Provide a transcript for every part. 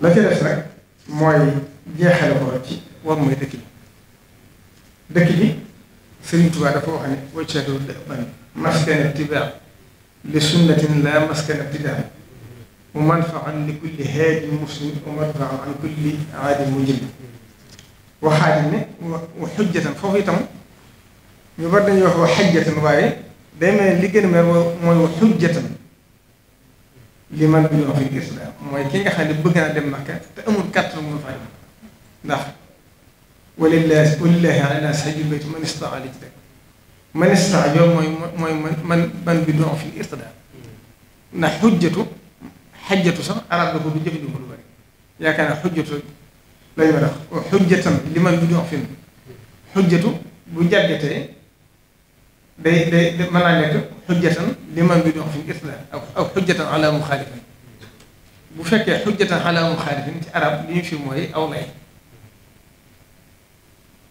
la ca des mooy jeexale ko war mooy dëkk bi dëkk bi Sëriñ Tuubaa dafa wax ne waccatu dëban maskana la maskana tidaa mu manfaan li kulli haadi muslim wa manfaan an kulli aadi mujrim waxaat ne wa xujjatan foofu itam ñu war wa xajjatan waaye day mel li gën a mel mooy wa xujjatan li man bi ñoo fi gis mooy ki nga xam ne bëgg naa dem Makka te amul kàttan mu fay ndax walillahi walillahi ala hajjil bayti man istaa li ci man istaa yow mooy mooy man man man bi doon fi irtidaa ndax xujjatu xajjatu sax arab la ko du jëfandikoo lu bari yaakaar naa xujjatu lañu wax xujjatam li man bi doon fi xujjatu bu jàggatee day day mën naa li man bi dox fi islam aw xujjatan ala muxaalifin bu fekkee xujjatan ala muxaalifin ci arab li fi mooy aw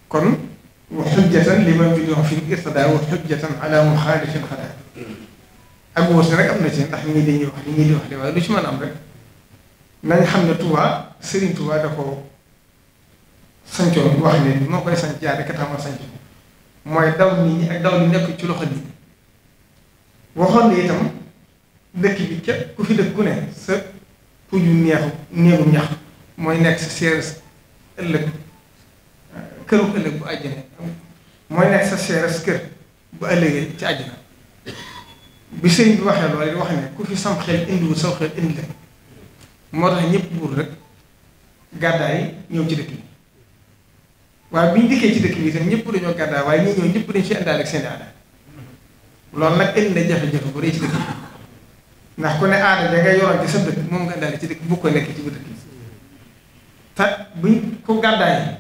kon wa xujjatan li man bi dox fi irtada wa xujjatan ala muxaalifin xadaa ak wóor si rek am na ci ndax ñii dañuy wax li ñii di wax li waaye lu ci mën am rek nañ xam ne Touba Serigne Touba da ko sancoon wax ne moo koy sanc jaare kataama sanc mooy daw nit ñi ay daw li nekk ci loxo nit waxoon na itam dëkk bi képp ku fi dëkk ku ne sa puju neexu néegu ñax mooy nekk sa seeres ëllëg këru ëllëg bu àjjana mooy nekk sa seeres kër bu ëllëgee ci àjjana bi sëñ bi waxee loolu di wax ne ku fi sam xel indiwul saw xel indi la moo tax ñëpp buur rek gàddaay ñëw ci dëkk bi waaye bi ñu dikkee ci dëkk bi itam ñëpp dañoo gàddaa waaye ñi ñëw ñëpp dañ fi àndaale ak seen aada loolu nag indi na jafe-jafe bu rëy ci dëkk bi ndax ko ne aada da ngay yoroon ci sa dëkk moom nga ci dëkk bu ko nekk ci bu dëkk buñ ko gàddaayee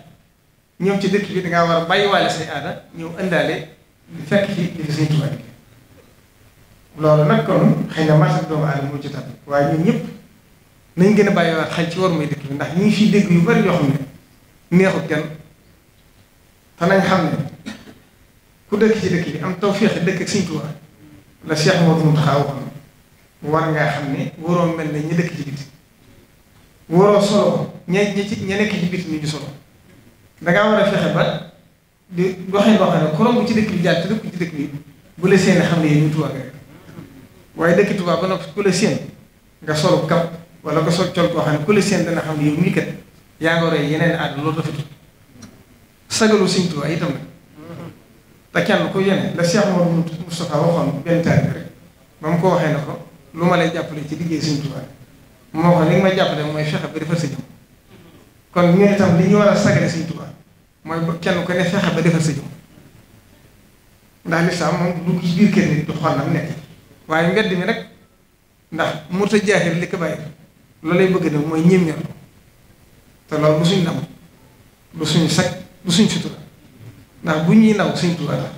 ñëw ci dëkk bi dangaa war a bàyyiwaale say aada ñëw àndaale di fekk fii di fi suñu tubaab yi loolu nag kon xëy na marché doomu aadama moo ci tàbbi waaye ñun ñëpp nañ gën a bàyyiwaat xel ci war mooy dëkk bi ndax ñu ngi fiy dégg yu bari yoo xam ne neexut kenn te nañ xam ne ku dëkk ci dëkk bi am tawféex dëkk ak Sëñ Tuubaa la Cheikh Mouhamadou Mountakha waxoon war ngaa xam ne waroo mel ne ñi dëkk ci biti waroo solo ña ña ci ña nekk ci biti ñu solo dangaa war a fexe ba di doxee loo xam ne korom bu ci dëkk bi jaar te dëkk ci dëkk bi bu la seen xam ne yéen ñu Tuubaa rek waaye dëkk Tuubaa ba noppi ku seen nga solo kap wala nga sol col koo xam ne ku seen dana xam ne yow mii yaa ngi war yeneen aada loolu rafetul sagalu Sëñ Tuubaa itam nag te kenn ku yéene la Cheikh Mouhamadou Moustapha waxoon benn taalibe rek ba mu ko waxee ne ko lu ma lay jàppale ci liggéey Sëñ Tuubaa moo ko li nga may jàppale mooy fexe ba defar sa kon ñun itam ñu war a sagale mooy kenn ku ne fexe ba defer sa jëm ndax lislaam moom du biir kër nit du xollam nekk waaye mbedd mi rek ndax mu ta li ko bàyyi loolay bëgg na mooy ñéem ñor lu suñ ndam lu sag du suñ sutura ndax buñ ñuy naw suñ Tuubaa la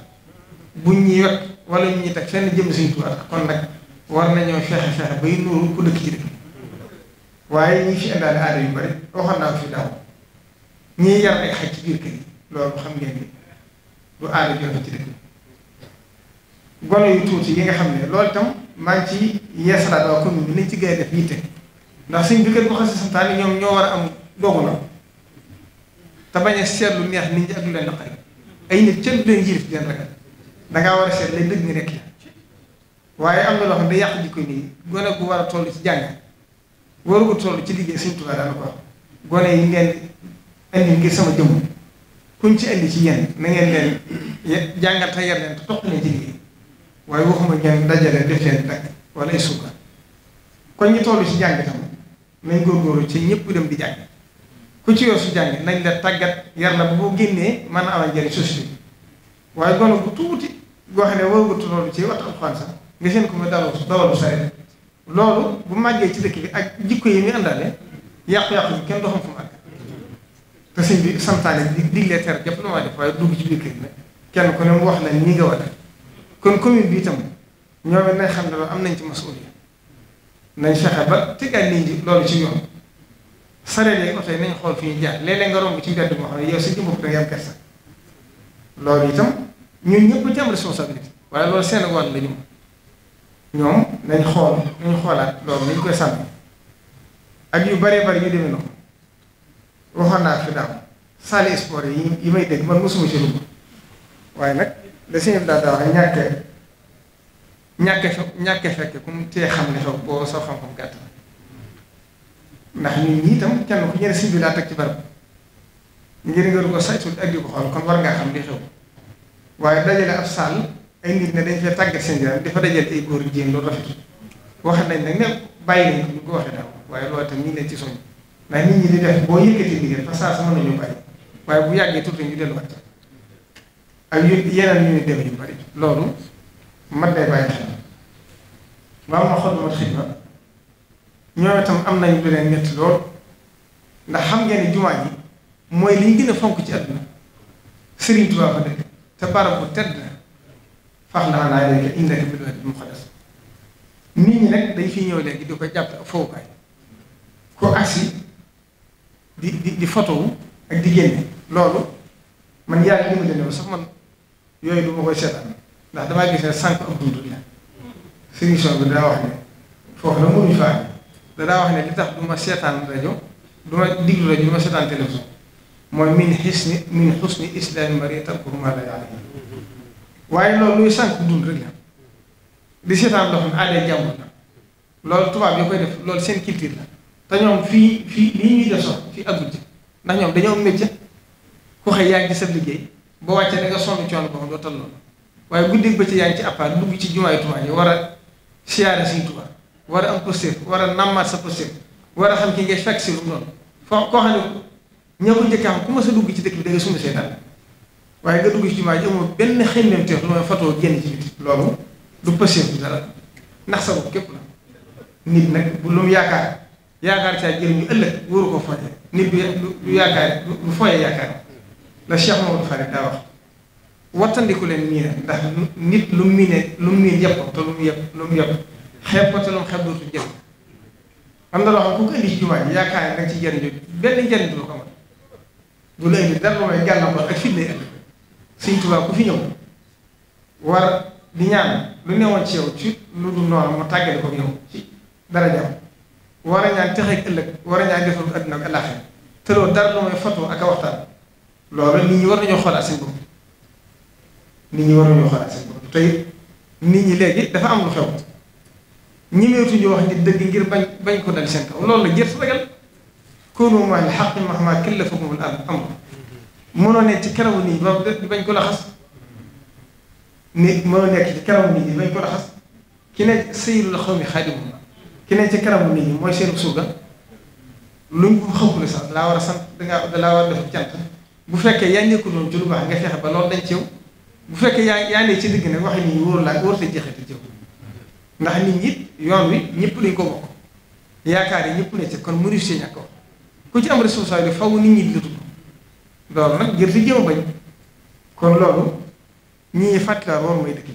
buñ ñuy yot wala ñu ñuy teg fenn jëm suñ Tuubaa la kon nag war nañoo fexe fexe bay nuuru ku dëkk ci dëkk waaye ñi fi indaale aada yu bari waxoon naa ko fi daaw ñii yar ay xaj ci biir kër yi loolu xam ngeen ni lu aada joxe ci dëkk gone yu tuuti yi nga xam ne loolu tam maa ngi ci yeesalaat waa commune bi nañ ci gën a def yitte ndax suñ bi kat bu xasee santaane ñoom ñoo war a am dogu la te bañ a lu neex nit ñi ak lu leen naqari ay nit kenn du leen yilif di leen ragal dangaa war a seet lay dëgg ni rek waaye am na loxo xam ne yàq jikko nii gone gu war a toll ci jàng waru ko ci liggéey Sëñ Tuubaa daana ko gone yi ngeen indi ngir sama jëmm kuñ ci indi ci yéen na ngeen leen jàngal te yar leen te topp ci liggéey waaye waxuma ngeen dajale def leen dakk wala ay suuka kon ñu toll ci jàng tam nañ góorgóorlu ci ñëpp dem di jàng ku ci yor su jàng nañ la tàggat yar la boo génnee mën na amal njëriñ société bi waaye gone bu tuuti goo xam ne waragutu loolu ci waxtu alxuraan sax nga seen ko mu dawal dawalu saret loolu bu màggee ci dëkk bi ak jikko yi muy àndaale yàqu-yàqu bi kenn doo xam fu mu àgg te sëñ bi santaane di diglee ter jëpp lu ma def waaye dugg ci biir kër kenn ku ne wax la ni nga a kon commune bi itam ñoom it xam ne am nañ ci masuuliya nañ fexe ba tegaat nit ñi loolu ci yoon saree yi oto yi xool fi ñuy jaar léeg-léeg nga romb ci mbedd moo xam ne yow si jëmbu da ngay am kersa loolu itam ñun ñëpp ci am responsabilité waaye loolu seen wàll la ñu ñoom nañ xool nañ xoolaat loolu nañ koy sàmm ak yu bëree bëri yu demee noonu waxoon naa fi daaw salle sport yi yi may dégg man mosuma ci waaye nag la sëñ bi daal daa wax ñàkk ñàkk fe ñàkk fekke ku mu xam ne xew boo soo xam-xam gàtt na ndax nit ñi itam kenn ku ñeneen sëñ bi laa teg ci barab ngir nga ko saytu ak di ko xool kon war ngaa xam li xew waaye dajale ab sàll ay nit ne dañ fee tàggat seen yaram dafa dajale ay góor jigéen loolu rafet wax nañ nag ne ñu ko waxee daaw waaye loolu itam ñu ne ci soñ ndax nit ñi di def boo yëkkati liggéey fa saa sa nañu bàyyi waaye bu yàggee tuuti ñu delluwaat ak yeneen ñu ne demee yu bari loolu mat day bàyyi xel waaw ma xool mat xidma ñoom tam am nañu beneen ñetti lool ndax xam ngeen ne jumaa ji mooy li gën a fonk ci àdduna Sëriñ Tuubaa fa dëkk te barab bu tedd fax naa naa léegi indaka bi doon mu xadas fi ñëw léegi di ko jàpp fowukaay ku agsi di di di ak di génne loolu man yàlla li mu dene sax man yooyu du ma koy seetaan ndax damay gis ne sànq ab dund la solution bi daa wax ne foofu la mënuñu fa danaa wax ne li tax du ma seetaan rajo du ma diglu rajo du ma seetaan télévision mooy min xisni min xusni islaami ni tarkuhu maa laa ya'lam waaye loolu luy sànq dund rek la di seetaan loo xam ne aaday jàmbur la loolu tubaab seen culture la fii fii lii fii àggul ci ñoom dañoo am métier yaa ngi ci liggéey boo wàccee da nga sonn coono boobu doo tal loolu waaye guddi bëccëg yaa ngi ci appart dugg ci jumaay tumaa yi war a siyaare suñu Tuubaa war a am posture war a nammaat sa posture war xam ki ngay fekk si lu mu doon foo koo xam ne ña njëkk am ku ma sa dugg ci dëkk bi da nga sumb see waaye nga dugg ci jumaa ji benn xemmem teef lu may fatoo génn ci biti loolu du posture bi dara sa bopp képp la nit lu yaakaar yaakaar caa jëriñu ëllëg wóoru ko foye nit du yaakaar du foye yaakaar daa wax wattandiku leen miine ndax nit lu mu miine lu mu miin yëpp te lu mu yëpp lu mu yëpp xeeb ko te noonu xeeb dootu jël na loo yaakaar ne ci jëriñ benn njëriñ du ko mën du la indi dara mooy ñëw war lu newoon ci yow ci lu dul mu tàggale ko yow ci dara jàmm ñaan texeeg ëllëg war a ñaan defal ko àdduna ak àllaaxira loolu mooy foto ak a waxtaan loolu nit ñi war nañoo xoolaat seen bopp nit ñi war nañoo tey nit ñi léegi dafa am lu xew. ñi meetuñu wax ngi dëgg ngir bañ bañ ko dal seen kaw loolu la jërtu ragal kono maa li xaqi mahma kallafakum al amr mënoo nekk ci karaw nii ba di bañ ko laxas ni mënoo nekk ci karaw nii di bañ ko laxas ki ne sayyidul xawmi xaadimum ki ne ci karamu nit ñi mooy seen surga luñ ko xamul sax laa war a sant dangaa dalaa war a def cant bu fekkee yaa nekkul noonu ci lu baax nga fexe ba lool dañ ci yow bu fekkee yaa yaa ne ci digg nag wax ni wóor laa wóor te jeexati ci yow ndax nit ñi yoon wi ñëpp dañ ko bokk yaakaar yi ñëpp ne ci kon mënu si ñàkk ku ci am responsabilité faw nit ñi di la tudd nag jër si jéem a bañ kon loolu ñi ñuy fàttali mooy dëkk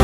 bi